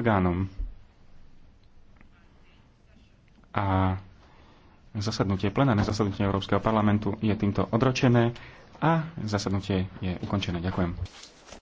orgánom. A zasadnutie, plenárne zasadnutie Európskeho parlamentu je týmto odročené a zasadnutie je ukončené. Ďakujem.